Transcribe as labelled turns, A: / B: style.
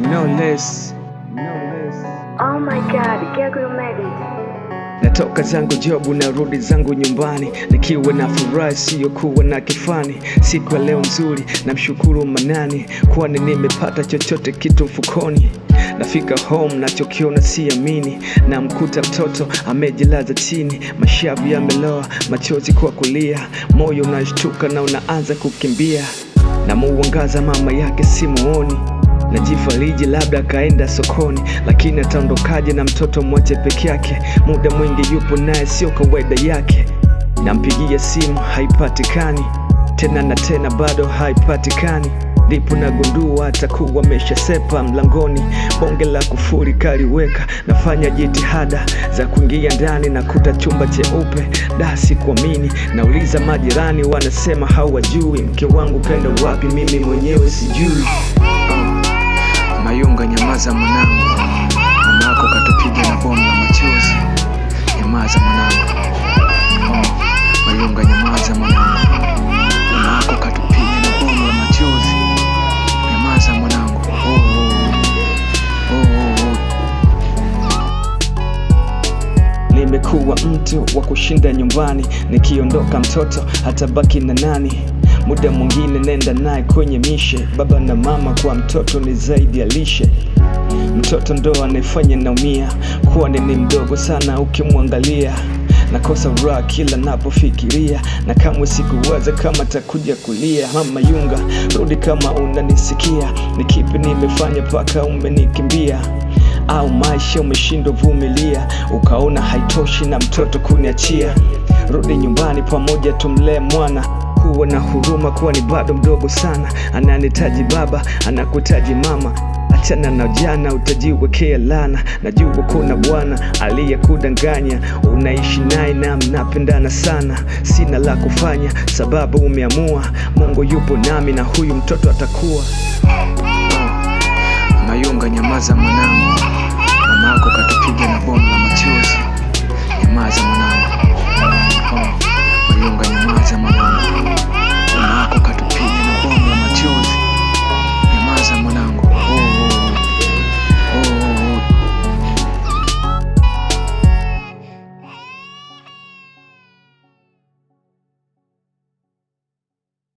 A: no less, less. Oh my God, Gregor made it.
B: Natoka zangu jobu na rudi zangu nyumbani nikiwa na furaha isiyokuwa na kifani. Siku ya leo nzuri, namshukuru Manani kwani nimepata chochote kitu mfukoni. Nafika home nachokiona siamini, namkuta mtoto amejilaza chini, mashavu yameloa, machozi kwa kulia, moyo unashtuka na unaanza kukimbia. Namuangaza mama yake simuoni Najifariji labda kaenda sokoni, lakini ataondokaje na mtoto mmoja peke yake? Muda mwingi yupo naye, sio kawaida yake. Nampigia simu haipatikani tena na tena, bado haipatikani. Ndipo nagundua atakuwa ameshasepa mlangoni. Bonge la kufuri kaliweka. Nafanya jitihada za kuingia ndani, nakuta chumba cheupe. dasi kuamini Nauliza majirani, wanasema hawajui. Mke wangu kaenda wapi? Mimi mwenyewe sijui.
C: Mayunga, nyamaza mwanangu, mama yako katupiga na bomu la machozi. Nyamaza mwanangu, oh, Mayunga, nyamaza mwanangu, mama katupiga na bomu la machozi. Nyamaza mwanangu, oh, oh, oh, oh.
B: oh. Nimekuwa mtu wa kushinda nyumbani, nikiondoka mtoto hatabaki na nani? muda mwingine nenda naye kwenye mishe. Baba na mama kwa mtoto ni zaidi ya lishe mtoto ndo anayefanya naumia, kwani ni mdogo sana ukimwangalia. Nakosa raha kila napofikiria, na kamwe sikuwaza kama takuja kulia. Mama Yunga, rudi kama unanisikia, ni kipi nimefanya mpaka umenikimbia? Au maisha umeshindwa vumilia, ukaona haitoshi na mtoto kuniachia? Rudi nyumbani pamoja tumlee mwana kuwa na huruma, kuwa ni bado mdogo sana. Ananitaji baba, anakutaji mama. Achana na jana utajiwekea lana. Najua kuna bwana aliyekudanganya, unaishi naye na mnapendana sana. Sina la kufanya, sababu umeamua. Mungu yupo nami na huyu mtoto atakuwa
C: Mayunga. Ah, nyamaza mwanangu, mama yako katupiga na bomu la machozi.